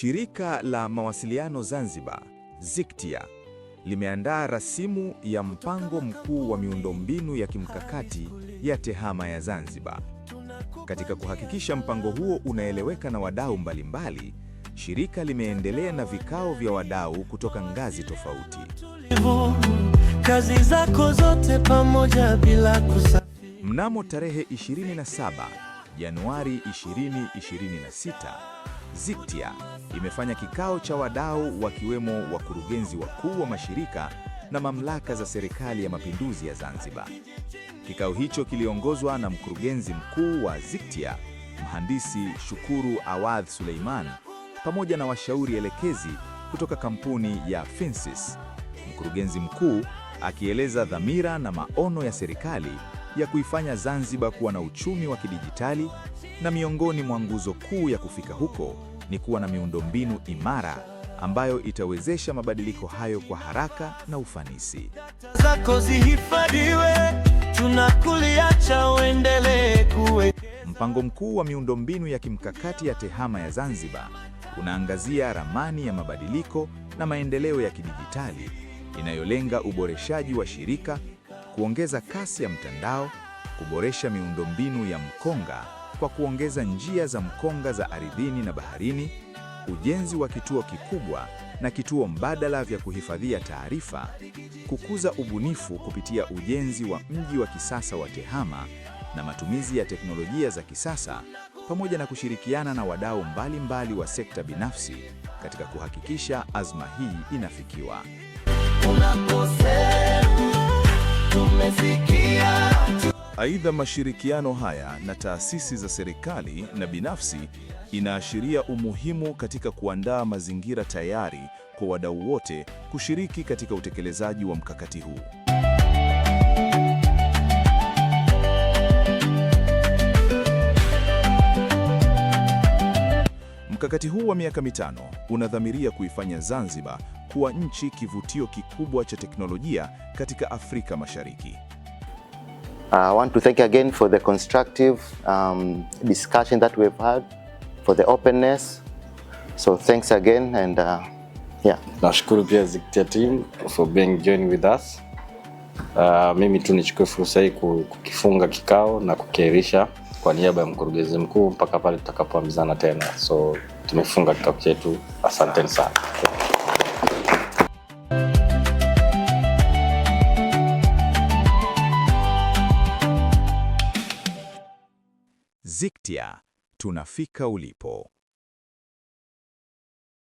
Shirika la Mawasiliano Zanzibar, ZICTIA, limeandaa rasimu ya mpango mkuu wa miundombinu ya kimkakati ya TEHAMA ya Zanzibar. Katika kuhakikisha mpango huo unaeleweka na wadau mbalimbali, shirika limeendelea na vikao vya wadau kutoka ngazi tofauti. Kazi zako zote pamoja bila Mnamo tarehe 27 Januari 2026 ZICTIA imefanya kikao cha wadau wakiwemo wakurugenzi wakuu wa mashirika na mamlaka za serikali ya mapinduzi ya Zanzibar. Kikao hicho kiliongozwa na mkurugenzi mkuu wa ZICTIA, Mhandisi Shukuru Awadh Suleiman, pamoja na washauri elekezi kutoka kampuni ya Finsis. Mkurugenzi mkuu akieleza dhamira na maono ya serikali ya kuifanya Zanzibar kuwa na uchumi wa kidijitali, na miongoni mwa nguzo kuu ya kufika huko ni kuwa na miundombinu imara ambayo itawezesha mabadiliko hayo kwa haraka na ufanisi. Zako zihifadhiwe, tunakuliacha uendelee kuwe. Mpango mkuu wa miundombinu ya kimkakati ya TEHAMA ya Zanzibar unaangazia ramani ya mabadiliko na maendeleo ya kidijitali inayolenga uboreshaji wa shirika kuongeza kasi ya mtandao, kuboresha miundombinu ya mkonga kwa kuongeza njia za mkonga za ardhini na baharini, ujenzi wa kituo kikubwa na kituo mbadala vya kuhifadhia taarifa, kukuza ubunifu kupitia ujenzi wa mji wa kisasa wa TEHAMA na matumizi ya teknolojia za kisasa pamoja na kushirikiana na wadau mbalimbali wa sekta binafsi katika kuhakikisha azma hii inafikiwa. Unakose. Aidha, mashirikiano haya na taasisi za serikali na binafsi inaashiria umuhimu katika kuandaa mazingira tayari kwa wadau wote kushiriki katika utekelezaji wa mkakati huu. Mkakati huu wa miaka mitano unadhamiria kuifanya Zanzibar kuwa nchi kivutio kikubwa cha teknolojia katika Afrika Mashariki. I want to thank you again for the constructive um, discussion that we've had for the openness. So thanks again and uh, yeah. Nashukuru pia ZICTIA team for being joined with us. Uh, mimi tu nichukue fursa hii kukifunga kikao na kukiahirisha kwa niaba ya mkurugenzi mkuu mpaka pale tutakapoamizana tena. So tumefunga kikao chetu. Asanteni sana. ZICTIA tunafika ulipo.